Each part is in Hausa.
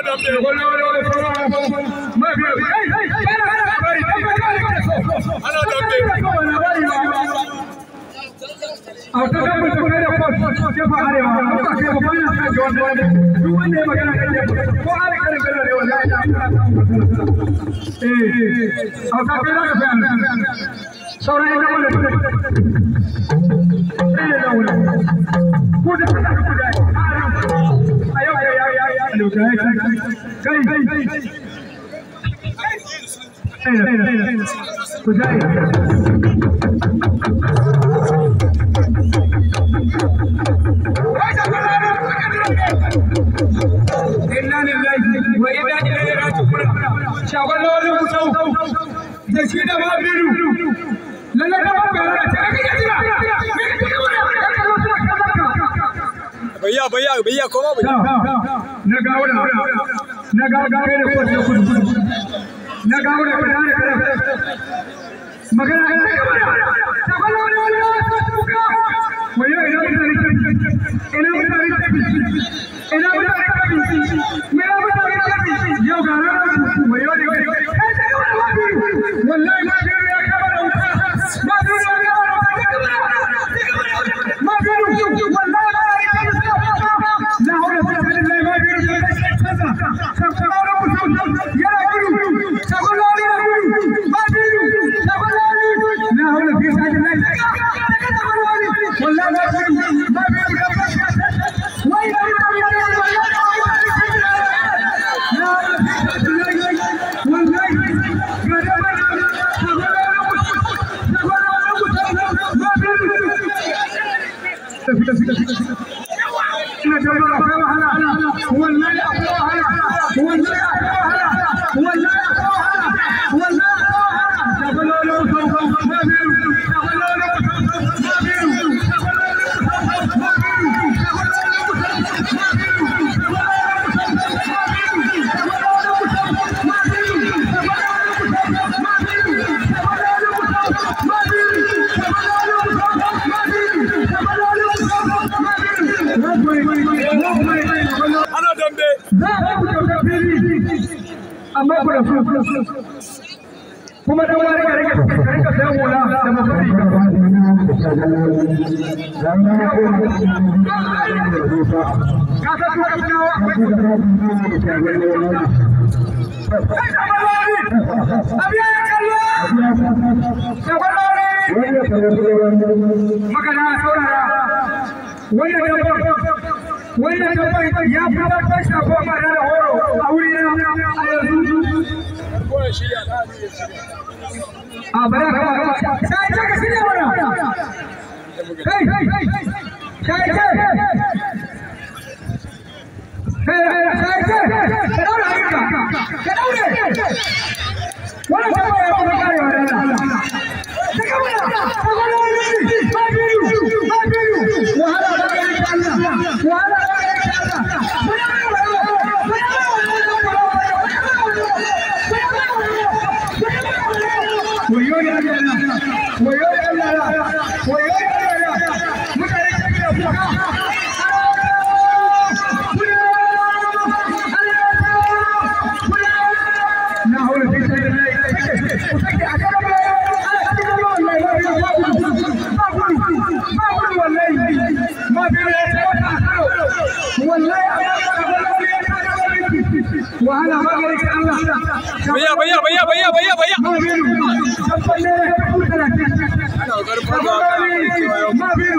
a wata kai kai shagon da shi lallai bayya bayya bayya koma bayya na gaura na gagare da kowace kudu na gaura kada da kada magana هو الذي Kuma da kuma dan wani ka rike ka rike sayan hula da mafari ka ka ya ya wannan tabbai ya fitar da shi ko ba da horo a wuri na a yanzu a bara ka ba sai ta ka shirya mana kai kai kai kai kai kai kai wahala magana ta Allah bayya bayya bayya bayya bayya bayya ma biyu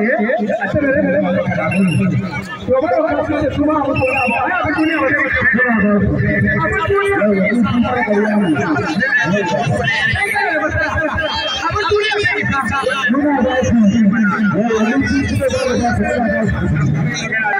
a ce da rage ana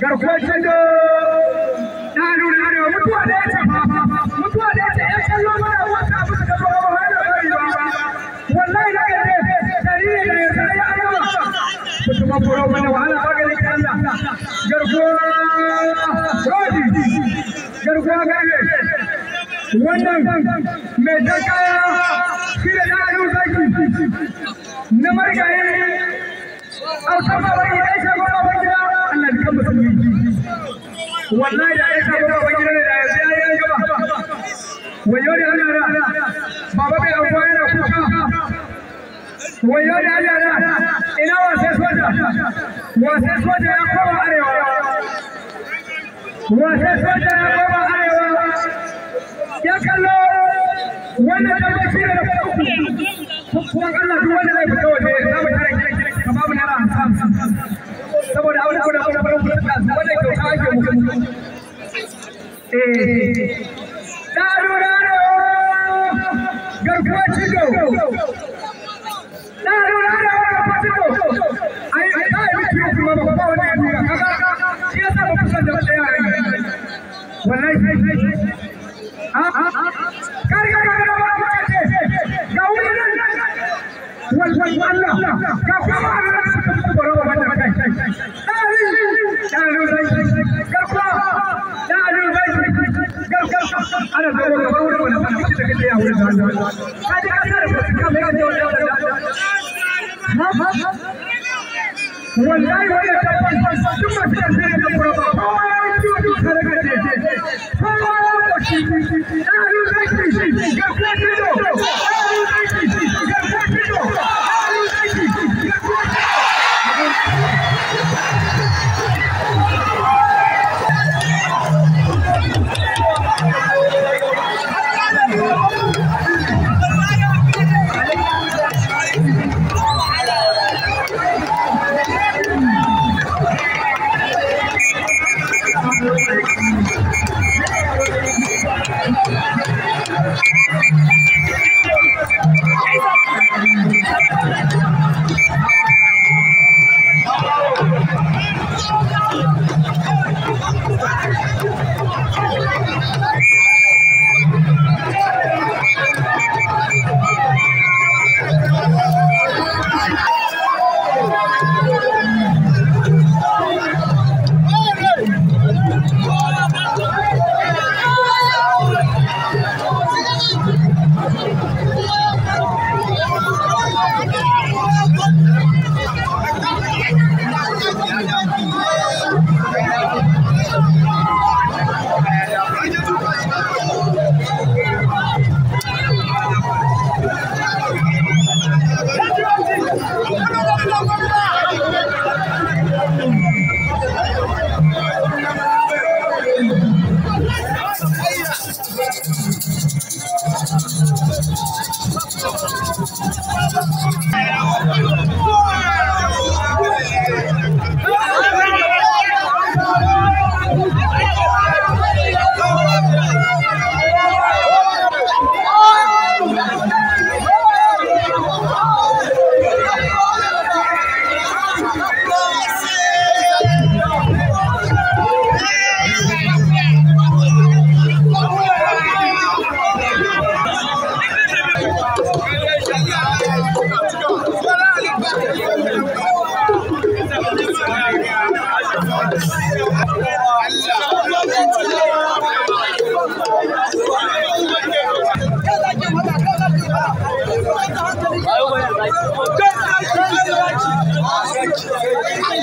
garkuwar canjo na nuna arewa mutuwa da ya tafa mutuwa da ya ce ya kallo mana wata abu da gaba ba wani labari ba wallahi na ga ne dari ne da ya tare ya arewa kuma koro mana wahala ba gari ka Allah garkuwa rodi garkuwa gaje wannan mai dakaya shi da wallahi da aika ba ba gidan da ya sai ya gaba wayo da Allah da baba bai auko yana kuka wayo da Allah da ina wasa soja wasa soja ya koma arewa wasa soja ya koma arewa ya kallo wannan da ba shi da Allah duk wanda zai biyu shi ne 我来。Hey, I'm Nossa,